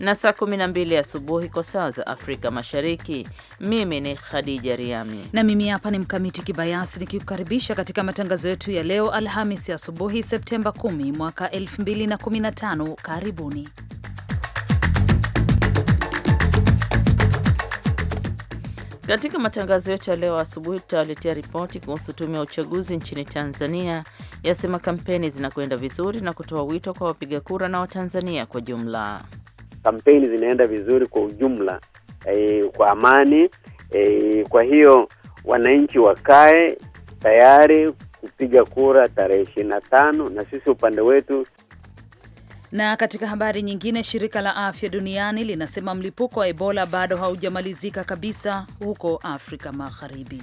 na saa 12 asubuhi kwa saa za Afrika Mashariki. Mimi ni Khadija Riami na mimi hapa ni Mkamiti Kibayasi nikikukaribisha katika matangazo yetu ya leo Alhamis asubuhi Septemba 10 mwaka 2015. Karibuni. Katika matangazo yetu ya leo asubuhi tutawaletea ripoti kuhusu tume ya uchaguzi nchini Tanzania yasema kampeni zinakwenda vizuri na kutoa wito kwa wapiga kura na Watanzania kwa jumla kampeni zinaenda vizuri kwa ujumla e, kwa amani e, kwa hiyo wananchi wakae tayari kupiga kura tarehe ishirini na tano na sisi upande wetu na katika habari nyingine, shirika la afya duniani linasema mlipuko wa Ebola bado haujamalizika kabisa huko Afrika Magharibi.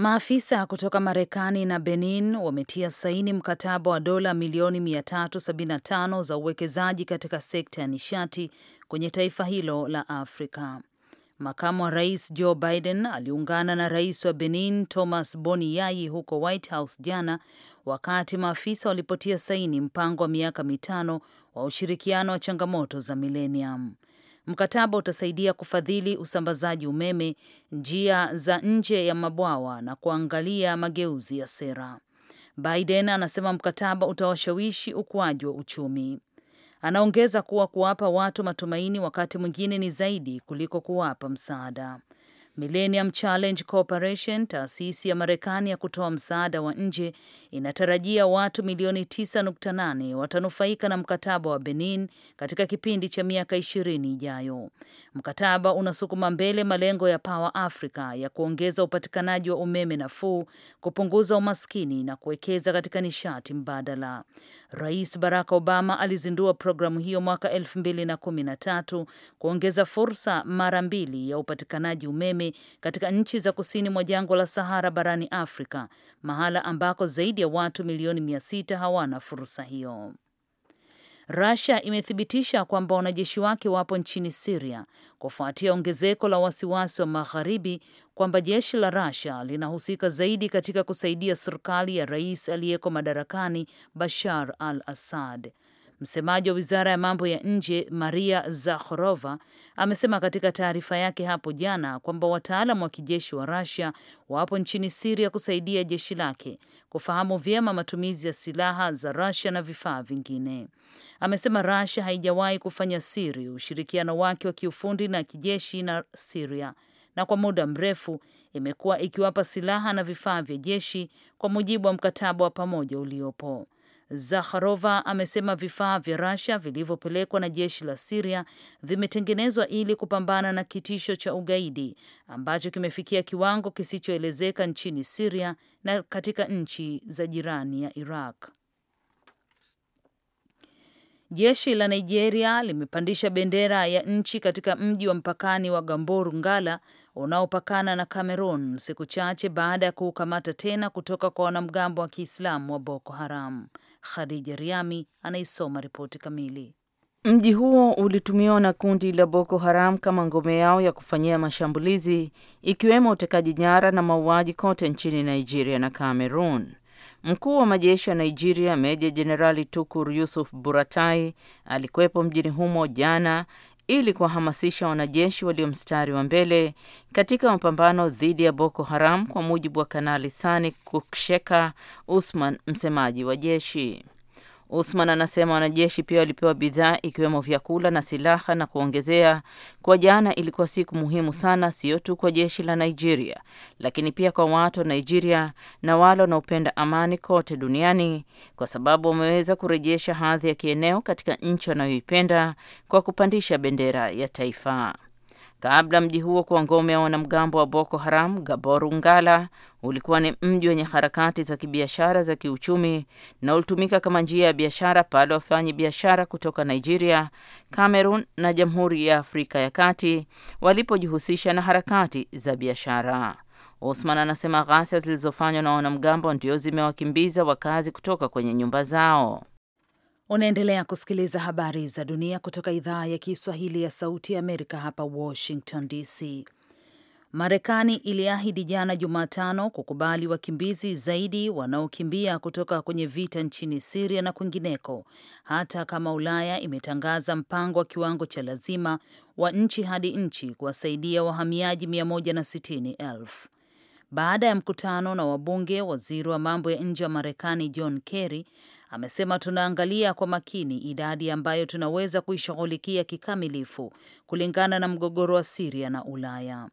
Maafisa kutoka Marekani na Benin wametia saini mkataba wa dola milioni 375 za uwekezaji katika sekta ya nishati kwenye taifa hilo la Afrika. Makamu wa rais Joe Biden aliungana na rais wa Benin Thomas Boni Yayi huko White House jana, wakati maafisa walipotia saini mpango wa miaka mitano wa ushirikiano wa changamoto za milenium. Mkataba utasaidia kufadhili usambazaji umeme, njia za nje ya mabwawa na kuangalia mageuzi ya sera. Biden anasema mkataba utawashawishi ukuaji wa uchumi. Anaongeza kuwa kuwapa watu matumaini wakati mwingine ni zaidi kuliko kuwapa msaada. Millennium Challenge Corporation, taasisi ya Marekani ya kutoa msaada wa nje, inatarajia watu milioni 9.8 watanufaika na mkataba wa Benin katika kipindi cha miaka 20 ijayo. Mkataba unasukuma mbele malengo ya Power Africa ya kuongeza upatikanaji wa umeme nafuu, kupunguza umaskini na kuwekeza katika nishati mbadala. Rais Barack Obama alizindua programu hiyo mwaka 2013 kuongeza fursa mara mbili ya upatikanaji umeme katika nchi za kusini mwa jangwa la Sahara barani Afrika, mahala ambako zaidi ya watu milioni mia sita hawana fursa hiyo. rasia imethibitisha kwamba wanajeshi wake wapo nchini siria kufuatia ongezeko la wasiwasi wa magharibi kwamba jeshi la rasia linahusika zaidi katika kusaidia serikali ya rais aliyeko madarakani Bashar al-Assad. Msemaji wa wizara ya mambo ya nje Maria Zakharova amesema katika taarifa yake hapo jana kwamba wataalam wa kijeshi wa rasia wapo nchini Siria kusaidia jeshi lake kufahamu vyema matumizi ya silaha za rasia na vifaa vingine. Amesema Russia haijawahi kufanya siri ushirikiano wake wa kiufundi na kijeshi na Siria na kwa muda mrefu imekuwa ikiwapa silaha na vifaa vya jeshi kwa mujibu wa mkataba wa pamoja uliopo. Zakharova amesema vifaa vya Russia vilivyopelekwa na jeshi la siria vimetengenezwa ili kupambana na kitisho cha ugaidi ambacho kimefikia kiwango kisichoelezeka nchini siria na katika nchi za jirani ya Iraq. Jeshi la Nigeria limepandisha bendera ya nchi katika mji wa mpakani wa Gamboru Ngala unaopakana na Cameroon siku chache baada ya kuukamata tena kutoka kwa wanamgambo wa Kiislamu wa Boko Haram. Khadija Riami anaisoma ripoti kamili. Mji huo ulitumiwa na kundi la Boko Haram kama ngome yao ya kufanyia mashambulizi ikiwemo utekaji nyara na mauaji kote nchini Nigeria na Cameroon. Mkuu wa majeshi ya Nigeria, Meja Jenerali Tukur Yusuf Buratai, alikuwepo mjini humo jana ili kuwahamasisha wanajeshi walio mstari wa mbele katika mapambano dhidi ya Boko Haram, kwa mujibu wa Kanali Sani Kuksheka Usman, msemaji wa jeshi. Usman anasema wanajeshi pia walipewa bidhaa ikiwemo vyakula na silaha na kuongezea kwa jana ilikuwa siku muhimu sana, sio tu kwa jeshi la Nigeria, lakini pia kwa watu wa Nigeria na wale wanaopenda amani kote duniani, kwa sababu wameweza kurejesha hadhi ya kieneo katika nchi wanayoipenda kwa kupandisha bendera ya taifa. Kabla mji huo kuwa ngome ya wanamgambo wa Boko Haram, Gaboru Ngala ulikuwa ni mji wenye harakati za kibiashara za kiuchumi na ulitumika kama njia ya biashara pale wafanyi biashara kutoka Nigeria, Cameroon na Jamhuri ya Afrika ya Kati walipojihusisha na harakati za biashara. Osman anasema ghasia zilizofanywa na wanamgambo ndio zimewakimbiza wakazi kutoka kwenye nyumba zao. Unaendelea kusikiliza habari za dunia kutoka idhaa ya Kiswahili ya Sauti ya Amerika hapa Washington DC. Marekani iliahidi jana Jumatano kukubali wakimbizi zaidi wanaokimbia kutoka kwenye vita nchini Siria na kwingineko, hata kama Ulaya imetangaza mpango wa kiwango cha lazima wa nchi hadi nchi kuwasaidia wahamiaji 160,000. Baada ya mkutano na wabunge, waziri wa mambo ya nje wa Marekani John Kerry Amesema tunaangalia kwa makini idadi ambayo tunaweza kuishughulikia kikamilifu kulingana na mgogoro wa Siria na Ulaya.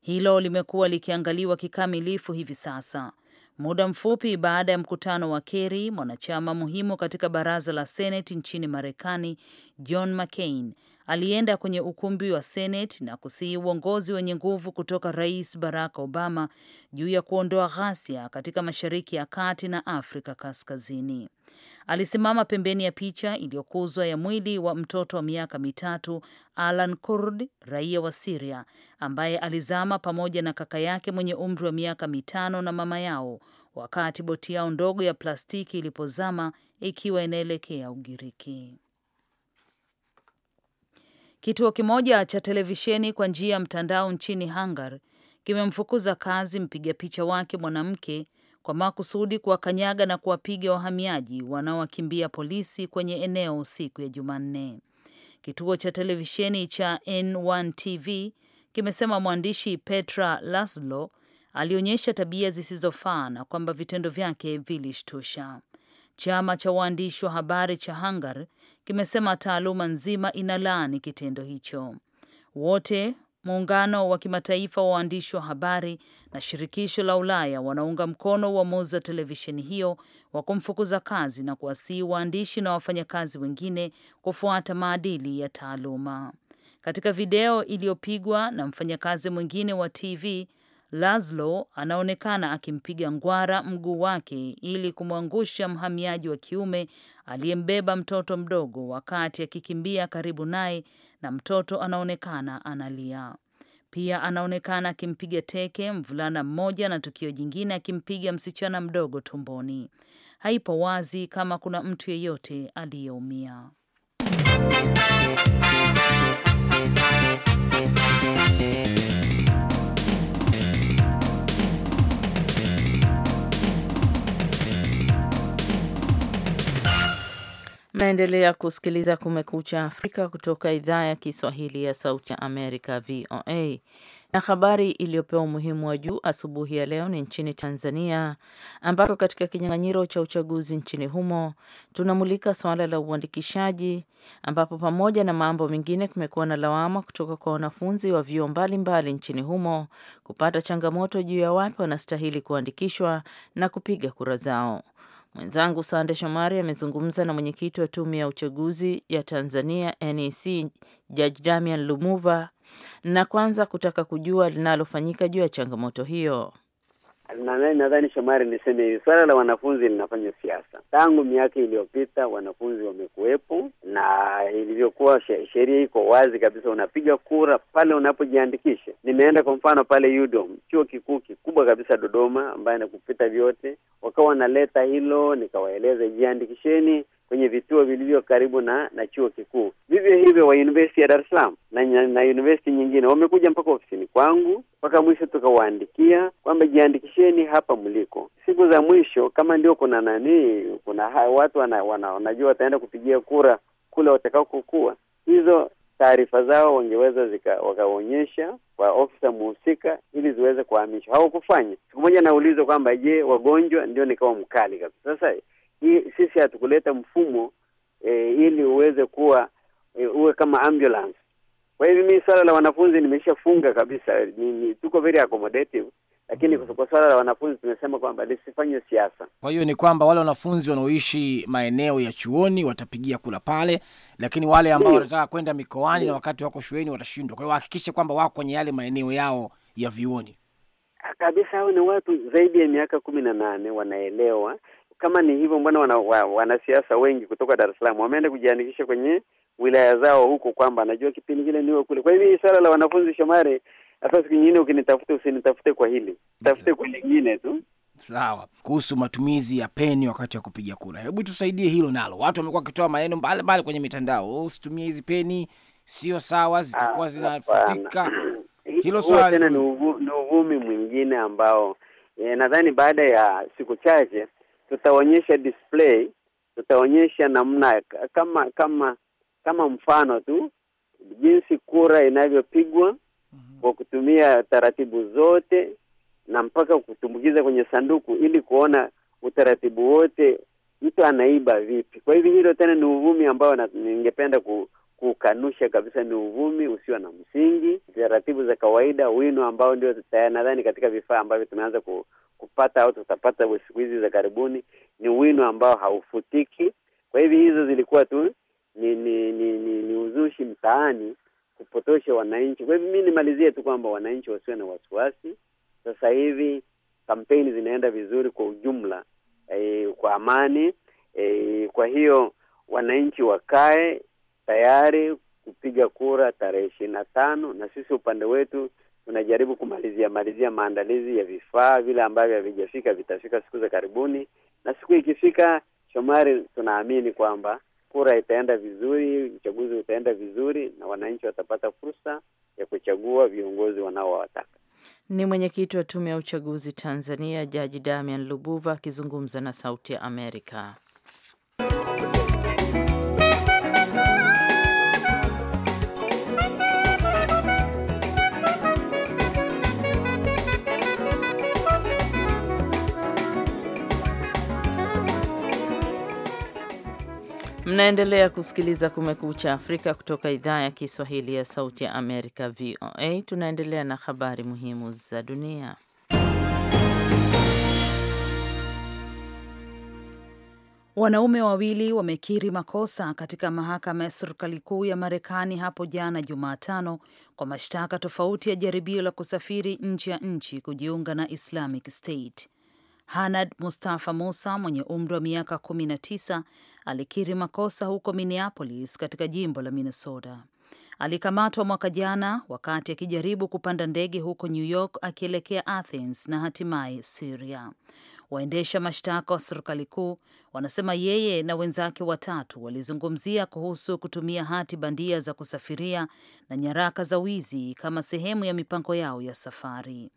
Hilo limekuwa likiangaliwa kikamilifu hivi sasa. Muda mfupi baada ya mkutano wa Kerry, mwanachama muhimu katika baraza la Seneti nchini Marekani John McCain alienda kwenye ukumbi wa senet na kusihi uongozi wenye nguvu kutoka Rais Barack Obama juu ya kuondoa ghasia katika Mashariki ya Kati na Afrika Kaskazini. Alisimama pembeni ya picha iliyokuzwa ya mwili wa mtoto wa miaka mitatu Alan Kurd, raia wa Siria ambaye alizama pamoja na kaka yake mwenye umri wa miaka mitano na mama yao wakati boti yao ndogo ya plastiki ilipozama ikiwa inaelekea Ugiriki. Kituo kimoja cha televisheni kwa njia ya mtandao nchini Hungary kimemfukuza kazi mpiga picha wake mwanamke kwa makusudi kuwakanyaga na kuwapiga wahamiaji wanaowakimbia polisi kwenye eneo siku ya Jumanne. Kituo cha televisheni cha N1 TV kimesema mwandishi Petra Laszlo alionyesha tabia zisizofaa na kwamba vitendo vyake vilishtusha. Chama cha waandishi wa habari cha Hungar kimesema taaluma nzima inalaani kitendo hicho. Wote muungano wa kimataifa wa waandishi wa habari na shirikisho la Ulaya wanaunga mkono uamuzi wa televisheni hiyo wa kumfukuza kazi na kuwasihi waandishi na wafanyakazi wengine kufuata maadili ya taaluma. Katika video iliyopigwa na mfanyakazi mwingine wa TV Laszlo anaonekana akimpiga ngwara mguu wake ili kumwangusha mhamiaji wa kiume aliyembeba mtoto mdogo wakati akikimbia karibu naye, na mtoto anaonekana analia. Pia anaonekana akimpiga teke mvulana mmoja na tukio jingine akimpiga msichana mdogo tumboni. Haipo wazi kama kuna mtu yeyote aliyeumia. Tunaendelea kusikiliza Kumekucha Afrika kutoka idhaa ya Kiswahili ya Sauti ya Amerika, VOA. Na habari iliyopewa umuhimu wa juu asubuhi ya leo ni nchini Tanzania, ambako katika kinyang'anyiro cha uchaguzi nchini humo tunamulika suala la uandikishaji, ambapo pamoja na mambo mengine kumekuwa na lawama kutoka kwa wanafunzi wa vyuo mbalimbali nchini humo kupata changamoto juu ya wapi wanastahili kuandikishwa na kupiga kura zao. Mwenzangu Sande Shomari amezungumza na mwenyekiti wa tume ya uchaguzi ya Tanzania NEC Jaji Damian Lumuva na kwanza kutaka kujua linalofanyika juu ya changamoto hiyo nadhani Shomari, niseme hivi, swala la wanafunzi linafanya siasa tangu miaka iliyopita. Wanafunzi wamekuwepo na ilivyokuwa sheria iko wazi kabisa, unapiga kura pale unapojiandikisha. Nimeenda kwa mfano pale UDOM, chuo kikuu kikubwa kabisa Dodoma, ambaye nakupita vyote, wakawa wanaleta hilo, nikawaeleza jiandikisheni kwenye vituo vilivyo karibu na na chuo kikuu. Vivyo hivyo wa university ya Dar es Salaam na, na, na university nyingine wamekuja mpaka ofisini kwangu, mpaka mwisho tukawaandikia kwamba jiandikisheni hapa mliko. Siku za mwisho kama ndio kuna nani, kuna watu wanajua wana, wana, wataenda kupigia kura kule watakao kukua, hizo taarifa zao wangeweza wakaonyesha kwa ofisa muhusika ili ziweze kuhamishwa. Hawakufanya. Siku moja nauliza kwamba je, wagonjwa, ndio nikawa mkali kabisa sasa sisi hatukuleta mfumo e, ili uweze kuwa e, uwe kama ambulance. Kwa hivyo mimi swala la wanafunzi nimeshafunga kabisa, ni, ni, tuko very accommodative lakini mm. Kwa swala la wanafunzi tumesema kwamba lisifanywe siasa. Kwa hiyo ni kwamba wale wanafunzi wanaoishi maeneo ya chuoni watapigia kula pale, lakini wale ambao wanataka kwenda mikoani na wakati wako shuleni watashindwa. Kwa hiyo wahakikishe kwamba wako kwenye yale maeneo yao ya vioni ah, kabisa. Hao ni watu zaidi ya miaka kumi na nane, wanaelewa kama ni hivyo, mbona wanasiasa wana wengi kutoka Dar es Salaam wameenda kujiandikisha kwenye wilaya zao huko, kwamba najua kipindi kile niwe kule. Kwa hivyo hii swala la wanafunzi, Shomari, hata siku nyingine ukinitafuta usinitafute kwa hili, tafute kwa lingine tu. Sawa. Kuhusu matumizi ya peni wakati wa kupiga kura, hebu tusaidie hilo nalo. Watu wamekuwa wakitoa maneno mbalimbali kwenye mitandao, oh, usitumie hizi peni, sio sawa, zitakuwa ah, zinafutika. Hilo swala tena ni uvumi mwingine ambao e, nadhani baada ya siku chache tutaonyesha display, tutaonyesha namna kama kama kama mfano tu jinsi kura inavyopigwa mhm. kwa kutumia taratibu zote na mpaka kutumbukiza kwenye sanduku ili kuona utaratibu wote mtu anaiba vipi. Kwa hivyo hilo tena ni uvumi ambao ningependa ku, kukanusha kabisa ni uvumi usio na msingi. Taratibu za kawaida, wino ambao ndio nadhani katika vifaa ambavyo tumeanza ku, kupata au tutapata siku hizi za karibuni, ni wino ambao haufutiki. Kwa hivyo hizo zilikuwa tu ni ni, ni, ni, ni uzushi mtaani kupotosha wananchi. Kwa hivyo mi nimalizie tu kwamba wananchi wasiwe na wasiwasi. Sasa hivi kampeni zinaenda vizuri kwa ujumla, e, kwa amani e, kwa hiyo wananchi wakae tayari kupiga kura tarehe ishirini na tano na sisi upande wetu tunajaribu kumalizia malizia maandalizi ya vifaa vile ambavyo havijafika, vitafika siku za karibuni, na siku ikifika, Shomari, tunaamini kwamba kura itaenda vizuri, uchaguzi utaenda vizuri, na wananchi watapata fursa ya kuchagua viongozi wanaowataka. Ni mwenyekiti wa Tume ya Uchaguzi Tanzania, Jaji Damian Lubuva akizungumza na Sauti ya Amerika. Mnaendelea kusikiliza Kumekucha Afrika kutoka idhaa ya Kiswahili ya Sauti ya Amerika, VOA. Tunaendelea na habari muhimu za dunia. Wanaume wawili wamekiri makosa katika mahakama ya serikali kuu ya Marekani hapo jana Jumatano kwa mashtaka tofauti ya jaribio la kusafiri nje ya nchi kujiunga na Islamic State. Hanad Mustafa Musa mwenye umri wa miaka 19 alikiri makosa huko Minneapolis katika jimbo la Minnesota. Alikamatwa mwaka jana wakati akijaribu kupanda ndege huko New York akielekea Athens na hatimaye Syria. Waendesha mashtaka wa serikali kuu wanasema yeye na wenzake watatu walizungumzia kuhusu kutumia hati bandia za kusafiria na nyaraka za wizi kama sehemu ya mipango yao ya safari.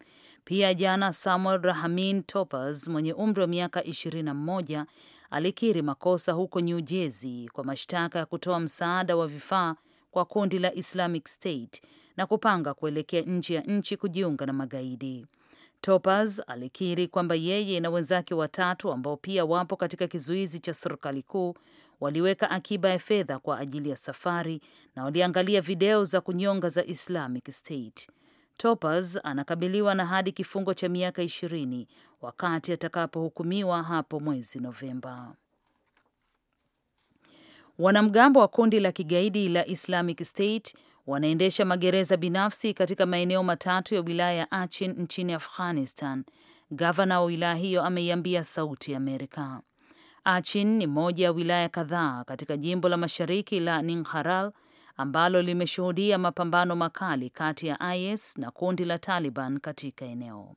Pia jana, Samuel Rahamin Topers mwenye umri wa miaka 21 alikiri makosa huko New Jersey kwa mashtaka ya kutoa msaada wa vifaa kwa kundi la Islamic State na kupanga kuelekea nje ya nchi kujiunga na magaidi. Topaz alikiri kwamba yeye na wenzake watatu ambao pia wapo katika kizuizi cha serikali kuu waliweka akiba ya fedha kwa ajili ya safari na waliangalia video za kunyonga za Islamic State. Topaz anakabiliwa na hadi kifungo cha miaka ishirini wakati atakapohukumiwa hapo mwezi Novemba. Wanamgambo wa kundi la kigaidi la Islamic State wanaendesha magereza binafsi katika maeneo matatu ya wilaya ya Achin nchini Afghanistan. Gavana wa wilaya hiyo ameiambia Sauti ya Amerika. Achin ni moja ya wilaya kadhaa katika jimbo la mashariki la Ningharal ambalo limeshuhudia mapambano makali kati ya IS na kundi la Taliban katika eneo.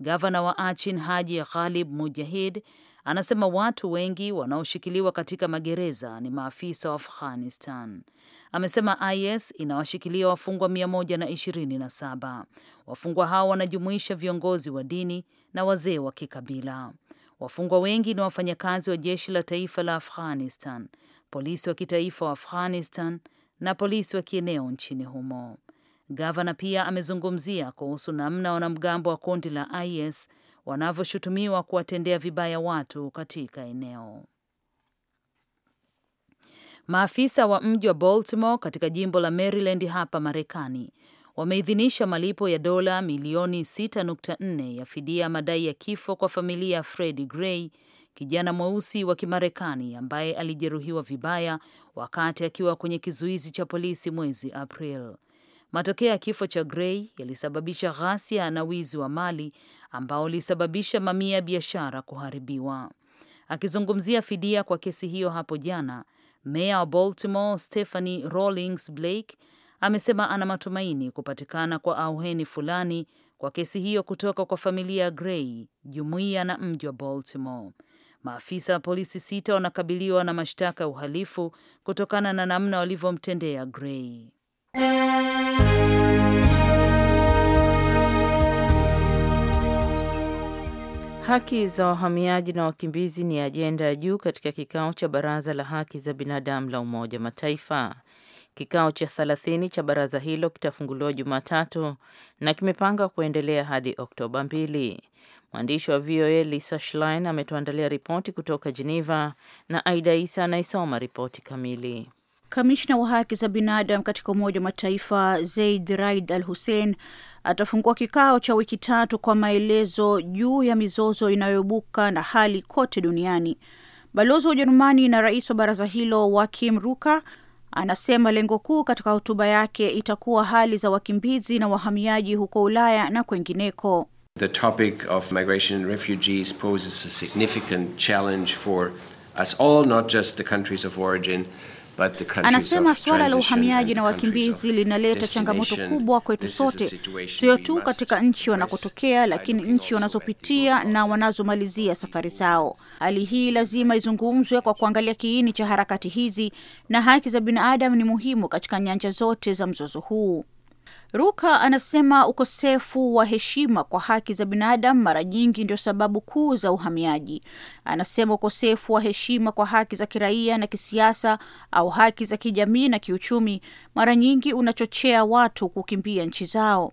Gavana wa Achin Haji Ghalib Mujahid Anasema watu wengi wanaoshikiliwa katika magereza ni maafisa wa Afghanistan. Amesema IS inawashikilia wafungwa 127. Wafungwa hao wanajumuisha viongozi wa dini na wazee wa kikabila. Wafungwa wengi ni wafanyakazi wa jeshi la taifa la Afghanistan, polisi wa kitaifa wa Afghanistan na polisi wa kieneo nchini humo. Gavana pia amezungumzia kuhusu namna wanamgambo wa kundi la IS wanavyoshutumiwa kuwatendea vibaya watu katika eneo. Maafisa wa mji wa Baltimore katika jimbo la Maryland hapa Marekani wameidhinisha malipo ya dola milioni 6.4 ya fidia madai ya kifo kwa familia ya Freddie Gray, kijana mweusi wa Kimarekani ambaye alijeruhiwa vibaya wakati akiwa kwenye kizuizi cha polisi mwezi April. Matokeo ya kifo cha Gray yalisababisha ghasia na wizi wa mali ambao ulisababisha mamia ya biashara kuharibiwa. Akizungumzia fidia kwa kesi hiyo hapo jana, meya wa Baltimore Stephanie Rawlings Blake amesema ana matumaini kupatikana kwa auheni fulani kwa kesi hiyo kutoka kwa familia ya Gray, jumuiya na mji wa Baltimore. Maafisa wa polisi sita wanakabiliwa na mashtaka ya uhalifu kutokana na namna walivyomtendea Gray. Haki za wahamiaji na wakimbizi ni ajenda ya juu katika kikao cha Baraza la Haki za Binadamu la Umoja Mataifa. Kikao cha thelathini cha baraza hilo kitafunguliwa Jumatatu na kimepanga kuendelea hadi Oktoba mbili. Mwandishi wa VOA Lisa Schlein ametuandalia ripoti kutoka Geneva na Aida Isa anaisoma ripoti kamili. Kamishna wa haki za binadamu katika Umoja wa Mataifa Zaid Raid Al Hussein atafungua kikao cha wiki tatu kwa maelezo juu ya mizozo inayoibuka na hali kote duniani. Balozi wa Ujerumani na rais wa baraza hilo Wakim Ruka anasema lengo kuu katika hotuba yake itakuwa hali za wakimbizi na wahamiaji huko Ulaya na kwengineko. The topic of migration and refugees poses a significant challenge for us all, not just the countries of origin Anasema suala la uhamiaji na wakimbizi linaleta changamoto kubwa kwetu sote, sio tu katika nchi wanakotokea, lakini nchi wanazopitia na wanazomalizia safari zao. Hali hii lazima izungumzwe kwa kuangalia kiini cha harakati hizi, na haki za binadamu ni muhimu katika nyanja zote za mzozo huu. Ruka anasema ukosefu wa heshima kwa haki za binadamu mara nyingi ndio sababu kuu za uhamiaji. Anasema ukosefu wa heshima kwa haki za kiraia na kisiasa au haki za kijamii na kiuchumi mara nyingi unachochea watu kukimbia nchi zao.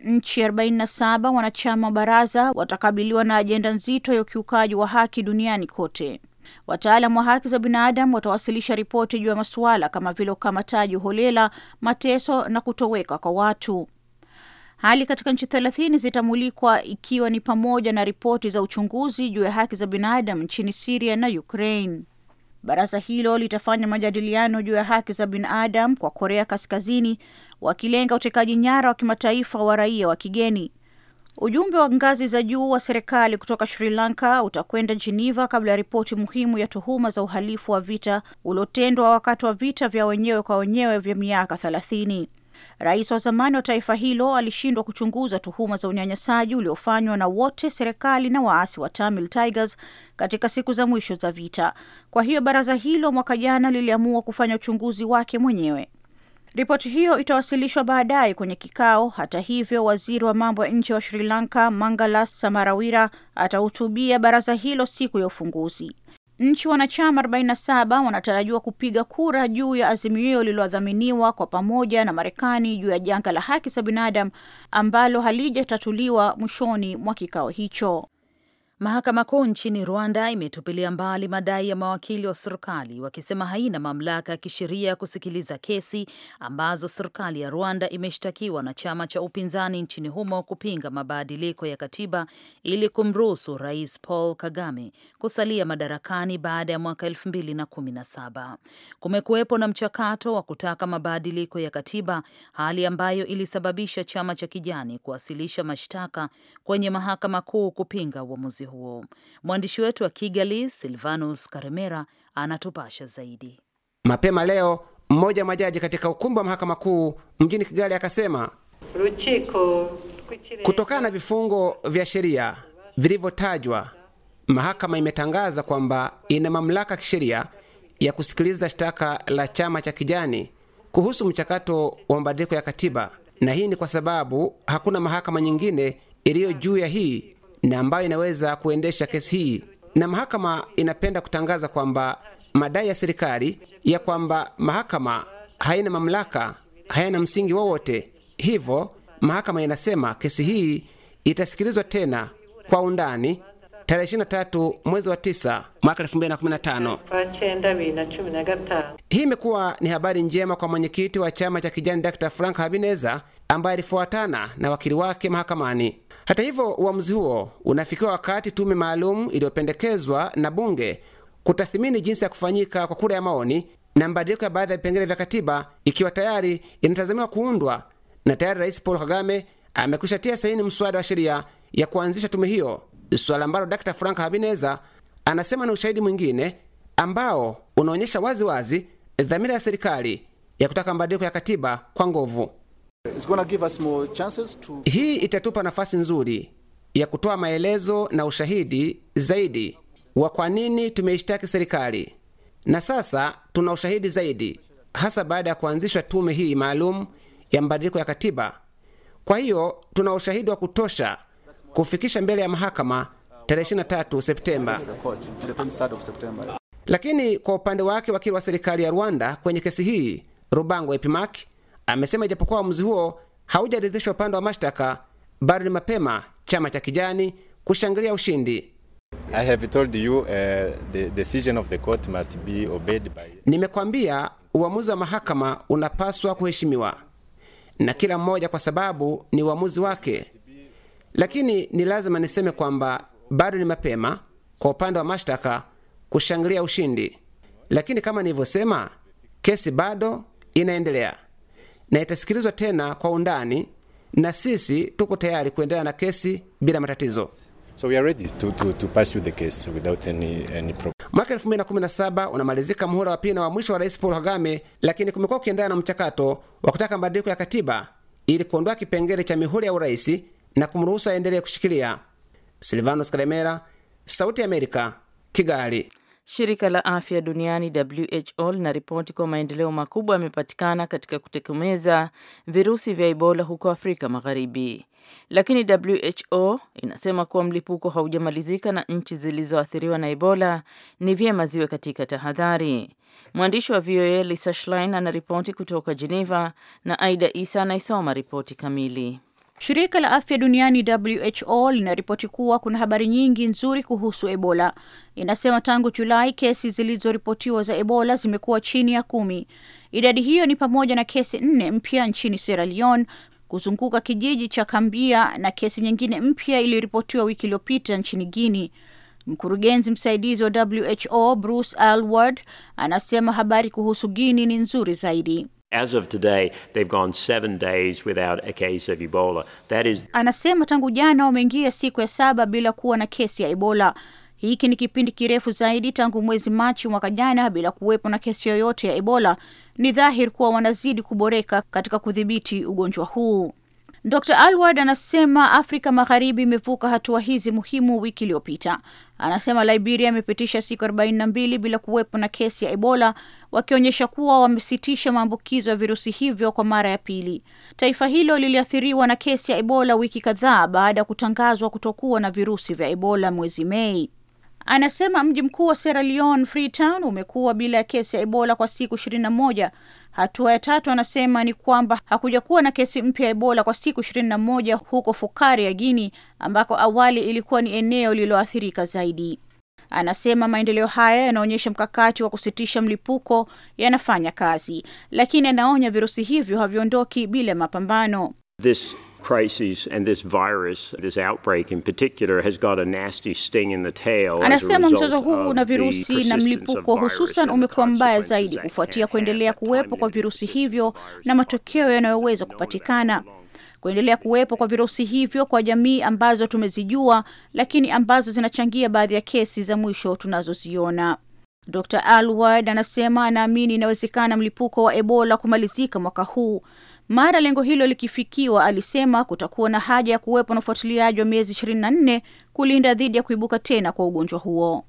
Nchi 47 wanachama wa baraza watakabiliwa na ajenda nzito ya ukiukaji wa haki duniani kote. Wataalam wa haki za binadamu watawasilisha ripoti juu ya masuala kama vile ukamataji holela, mateso na kutoweka kwa watu. Hali katika nchi thelathini zitamulikwa ikiwa ni pamoja na ripoti za uchunguzi juu ya haki za binadamu nchini Siria na Ukraine. Baraza hilo litafanya majadiliano juu ya haki za binadamu kwa Korea Kaskazini, wakilenga utekaji nyara wa kimataifa wa raia wa kigeni. Ujumbe wa ngazi za juu wa serikali kutoka Sri Lanka utakwenda Geneva kabla ya ripoti muhimu ya tuhuma za uhalifu wa vita uliotendwa wakati wa vita vya wenyewe kwa wenyewe vya miaka thelathini. Rais wa zamani wa taifa hilo alishindwa kuchunguza tuhuma za unyanyasaji uliofanywa na wote, serikali na waasi wa Tamil Tigers katika siku za mwisho za vita. Kwa hiyo baraza hilo mwaka jana liliamua kufanya uchunguzi wake mwenyewe. Ripoti hiyo itawasilishwa baadaye kwenye kikao. Hata hivyo, waziri wa mambo ya nje wa Sri Lanka Mangala Samarawira atahutubia baraza hilo siku ya ufunguzi. Nchi wanachama 47 wanatarajiwa kupiga kura juu ya azimio lililoadhaminiwa kwa pamoja na Marekani juu ya janga la haki za binadamu ambalo halijatatuliwa mwishoni mwa kikao hicho. Mahakama Kuu nchini Rwanda imetupilia mbali madai ya mawakili wa serikali wakisema haina mamlaka ya kisheria ya kusikiliza kesi ambazo serikali ya Rwanda imeshtakiwa na chama cha upinzani nchini humo kupinga mabadiliko ya katiba ili kumruhusu Rais Paul Kagame kusalia madarakani baada ya mwaka elfu mbili na kumi na saba. Kumekuwepo na mchakato wa kutaka mabadiliko ya katiba, hali ambayo ilisababisha chama cha Kijani kuwasilisha mashtaka kwenye Mahakama Kuu kupinga uamuzi huo. Mwandishi wetu wa Kigali, Silvanus Karemera, anatupasha zaidi. Mapema leo mmoja wa majaji katika ukumbi wa mahakama kuu mjini Kigali akasema kutokana na vifungo vya sheria vilivyotajwa, mahakama imetangaza kwamba ina mamlaka ya kisheria ya kusikiliza shtaka la chama cha kijani kuhusu mchakato wa mabadiliko ya katiba, na hii ni kwa sababu hakuna mahakama nyingine iliyo juu ya hii na ambayo inaweza kuendesha kesi hii, na mahakama inapenda kutangaza kwamba madai ya serikali ya kwamba mahakama haina mamlaka hayana msingi wowote. Hivyo mahakama inasema kesi hii itasikilizwa tena kwa undani tarehe 23 mwezi wa 9 mwaka 2015. Hii imekuwa ni habari njema kwa mwenyekiti wa chama cha kijani Dr. Frank Habineza ambaye alifuatana na wakili wake mahakamani. Hata hivyo, uamuzi huo unafikiwa wakati tume maalum iliyopendekezwa na bunge kutathimini jinsi ya kufanyika kwa kura ya maoni na mabadiliko ya baadhi ya vipengele vya katiba ikiwa tayari inatazamiwa kuundwa, na tayari Rais Paul Kagame amekwisha tia saini mswada wa sheria ya kuanzisha tume hiyo, swala ambalo Dr. Frank Habineza anasema ni ushahidi mwingine ambao unaonyesha waziwazi dhamira ya serikali ya kutaka mabadiliko ya katiba kwa nguvu. Hii itatupa nafasi nzuri ya kutoa maelezo na ushahidi zaidi wa kwa nini tumeishtaki serikali, na sasa tuna ushahidi zaidi, hasa baada ya kuanzishwa tume hii maalum ya mabadiliko ya katiba. Kwa hiyo tuna ushahidi wa kutosha kufikisha mbele ya mahakama tarehe 23 Septemba. Lakini kwa upande wake wakili wa serikali ya Rwanda kwenye kesi hii Rubango Epimaki amesema ijapokuwa uamuzi huo haujaridhisha upande wa mashtaka, bado ni mapema chama cha kijani kushangilia ushindi. uh, by... Nimekwambia uamuzi wa mahakama unapaswa kuheshimiwa na kila mmoja, kwa sababu ni uamuzi wake. Lakini ni lazima niseme kwamba bado ni mapema kwa upande wa mashtaka kushangilia ushindi, lakini kama nilivyosema, kesi bado inaendelea na itasikilizwa tena kwa undani, na sisi tuko tayari kuendelea na kesi bila matatizo. So mwaka elfu ready na kumi na saba Mwaka unamalizika muhula wa pili na wa mwisho wa Rais Paul Kagame, lakini kumekuwa kukiendelea na mchakato wa kutaka mabadiliko ya katiba ili kuondoa kipengele cha mihula ya uraisi na kumruhusu aendelee kushikilia. Silvanos Karemera, Sauti ya Amerika, Kigali. Shirika la afya duniani WHO linaripoti kuwa maendeleo makubwa yamepatikana katika kutokomeza virusi vya Ebola huko Afrika Magharibi, lakini WHO inasema kuwa mlipuko haujamalizika na nchi zilizoathiriwa na Ebola ni vyema ziwe katika tahadhari. Mwandishi wa VOA Lisa Schlein anaripoti kutoka Geneva na Aida Isa anaisoma ripoti kamili. Shirika la afya duniani WHO linaripoti kuwa kuna habari nyingi nzuri kuhusu Ebola. Inasema tangu Julai kesi zilizoripotiwa za Ebola zimekuwa chini ya kumi. Idadi hiyo ni pamoja na kesi nne mpya nchini Sierra Leone, kuzunguka kijiji cha Kambia na kesi nyingine mpya iliyoripotiwa wiki iliyopita nchini guini Mkurugenzi msaidizi wa WHO Bruce Alward anasema habari kuhusu guini ni nzuri zaidi. As of today, they've gone seven days without a case of Ebola. That is... Anasema tangu jana wameingia siku ya saba bila kuwa na kesi ya Ebola. Hiki ni kipindi kirefu zaidi tangu mwezi Machi mwaka jana bila kuwepo na kesi yoyote ya Ebola. Ni dhahiri kuwa wanazidi kuboreka katika kudhibiti ugonjwa huu. Dr. Alward anasema Afrika Magharibi imevuka hatua hizi muhimu wiki iliyopita. Anasema Liberia imepitisha siku 42 bila kuwepo na kesi ya Ebola, wakionyesha kuwa wamesitisha maambukizo ya virusi hivyo kwa mara ya pili. Taifa hilo liliathiriwa na kesi ya Ebola wiki kadhaa baada ya kutangazwa kutokuwa na virusi vya Ebola mwezi Mei. Anasema mji mkuu wa Sierra Leone, Freetown, umekuwa bila ya kesi ya Ebola kwa siku Hatua ya tatu anasema ni kwamba hakuja kuwa na kesi mpya ya Ebola kwa siku ishirini na moja huko Fukari ya Guini, ambako awali ilikuwa ni eneo lililoathirika zaidi. Anasema maendeleo haya yanaonyesha mkakati wa kusitisha mlipuko yanafanya kazi, lakini anaonya virusi hivyo haviondoki bila mapambano This crisis and this virus, this outbreak in particular has got a nasty sting in the tail. Anasema mzozo huu na virusi na mlipuko hususan umekuwa mbaya zaidi kufuatia kuendelea kuwepo kwa virusi hivyo na matokeo yanayoweza kupatikana kuendelea kuwepo kwa virusi hivyo kwa jamii ambazo tumezijua, lakini ambazo zinachangia baadhi ya kesi za mwisho tunazoziona. Dr. Alward anasema anaamini inawezekana mlipuko wa Ebola kumalizika mwaka huu mara lengo hilo likifikiwa, alisema kutakuwa na haja ya kuwepo na ufuatiliaji wa miezi 24 kulinda dhidi ya kuibuka tena kwa ugonjwa huo.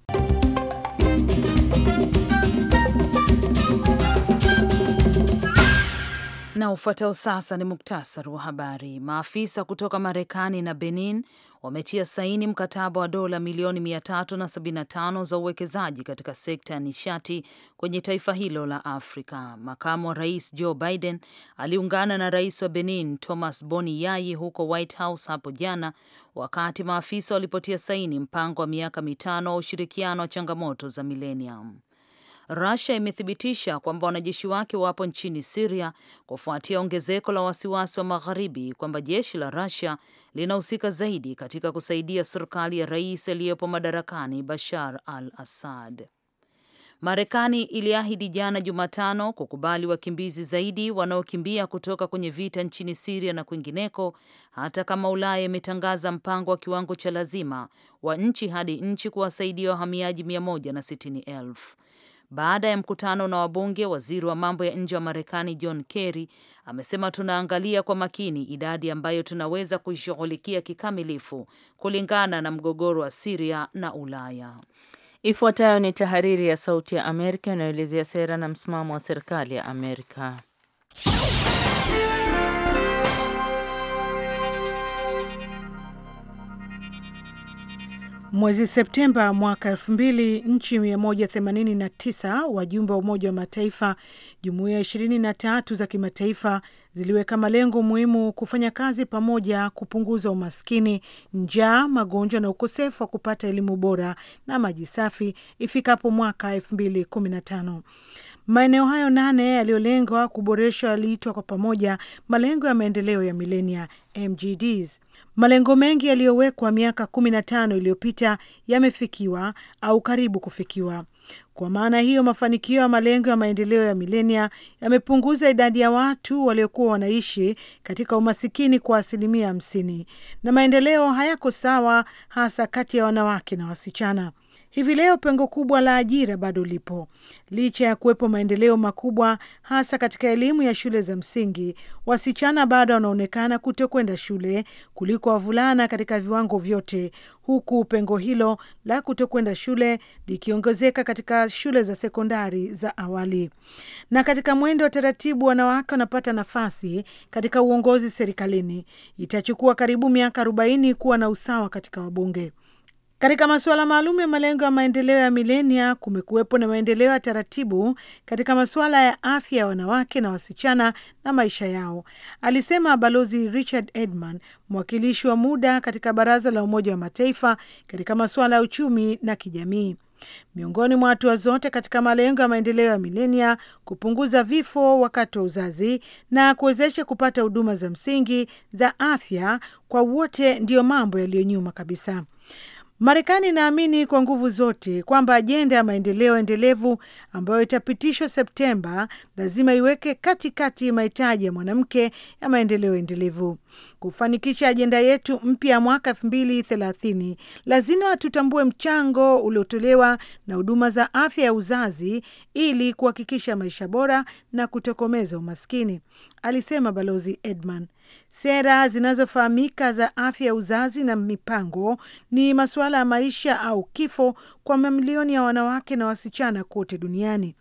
Na ufuatao sasa ni muktasari wa habari. Maafisa kutoka Marekani na Benin wametia saini mkataba wa dola milioni 375 za uwekezaji katika sekta ya nishati kwenye taifa hilo la Afrika. Makamu wa rais Joe Biden aliungana na rais wa Benin Thomas Boni Yayi huko White House hapo jana wakati maafisa walipotia saini mpango wa miaka mitano wa ushirikiano wa changamoto za milenium. Russia imethibitisha kwamba wanajeshi wake wapo nchini Siria kufuatia ongezeko la wasiwasi wa magharibi kwamba jeshi la Russia linahusika zaidi katika kusaidia serikali ya rais aliyepo madarakani Bashar al-Assad. Marekani iliahidi jana Jumatano kukubali wakimbizi zaidi wanaokimbia kutoka kwenye vita nchini Siria na kwingineko, hata kama Ulaya imetangaza mpango wa kiwango cha lazima wa nchi hadi nchi kuwasaidia wahamiaji 160,000. Baada ya mkutano na wabunge, waziri wa mambo ya nje wa Marekani John Kerry amesema tunaangalia kwa makini idadi ambayo tunaweza kuishughulikia kikamilifu kulingana na mgogoro wa Siria na Ulaya. Ifuatayo ni tahariri ya Sauti ya Amerika inayoelezea sera na msimamo wa serikali ya Amerika. Mwezi Septemba mwaka elfu mbili nchi tisa wajumbe wa Umoja wa Mataifa, jumuiya tatu za kimataifa ziliweka malengo muhimu kufanya kazi pamoja kupunguza umaskini, njaa, magonjwa na ukosefu wa kupata elimu bora na maji safi ifikapo mwaka elfu mbili kumi na tano. Maeneo hayo nane yaliyolengwa kuboreshwa yaliitwa kwa pamoja malengo ya maendeleo ya milenia MGDs. Malengo mengi yaliyowekwa miaka 15 iliyopita yamefikiwa au karibu kufikiwa. Kwa maana hiyo, mafanikio ya malengo ya maendeleo ya milenia yamepunguza idadi ya watu waliokuwa wanaishi katika umasikini kwa asilimia hamsini, na maendeleo hayako sawa, hasa kati ya wanawake na wasichana. Hivi leo pengo kubwa la ajira bado lipo licha ya kuwepo maendeleo makubwa, hasa katika elimu ya shule za msingi. Wasichana bado wanaonekana kutokwenda shule kuliko wavulana katika viwango vyote, huku pengo hilo la kutokwenda shule likiongezeka katika shule za sekondari za awali. Na katika mwendo wa taratibu, wanawake wanapata nafasi katika uongozi serikalini. Itachukua karibu miaka arobaini kuwa na usawa katika wabunge. Katika masuala maalum ya malengo ya maendeleo ya milenia, kumekuwepo na maendeleo ya taratibu katika masuala ya afya ya wanawake na wasichana na maisha yao, alisema Balozi Richard Edman, mwakilishi wa muda katika Baraza la Umoja wa Mataifa katika masuala ya uchumi na kijamii. Miongoni mwa hatua zote katika malengo ya maendeleo ya milenia, kupunguza vifo wakati wa uzazi na kuwezesha kupata huduma za msingi za afya kwa wote ndiyo mambo yaliyo nyuma kabisa. Marekani inaamini kwa nguvu zote kwamba ajenda ya maendeleo endelevu ambayo itapitishwa Septemba lazima iweke katikati mahitaji ya mwanamke ya maendeleo endelevu. Kufanikisha ajenda yetu mpya ya mwaka elfu mbili thelathini, lazima tutambue mchango uliotolewa na huduma za afya ya uzazi ili kuhakikisha maisha bora na kutokomeza umaskini, alisema Balozi Edman. Sera zinazofahamika za afya ya uzazi na mipango ni masuala ya maisha au kifo kwa mamilioni ya wanawake na wasichana kote duniani.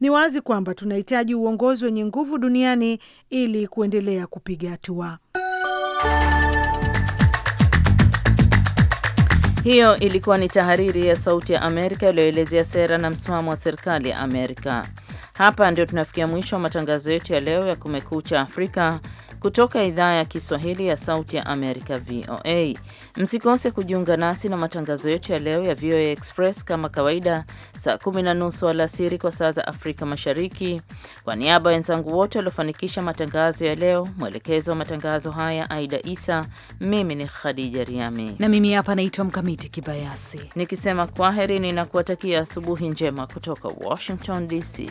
Ni wazi kwamba tunahitaji uongozi wenye nguvu duniani ili kuendelea kupiga hatua. Hiyo ilikuwa ni tahariri ya Sauti ya Amerika iliyoelezea sera na msimamo wa serikali ya Amerika. Hapa ndio tunafikia mwisho wa matangazo yetu ya leo ya Kumekucha Afrika kutoka idhaa ya Kiswahili ya Sauti ya Amerika, VOA. Msikose kujiunga nasi na matangazo yetu ya leo ya VOA Express kama kawaida, saa kumi na nusu alasiri kwa saa za Afrika Mashariki. Kwa niaba ya wenzangu wote waliofanikisha matangazo ya leo, mwelekezo wa matangazo haya Aida Isa, mimi ni Khadija Riami na mimi hapa naitwa Mkamiti Kibayasi nikisema kwaheri, ninakuwatakia asubuhi njema kutoka Washington DC.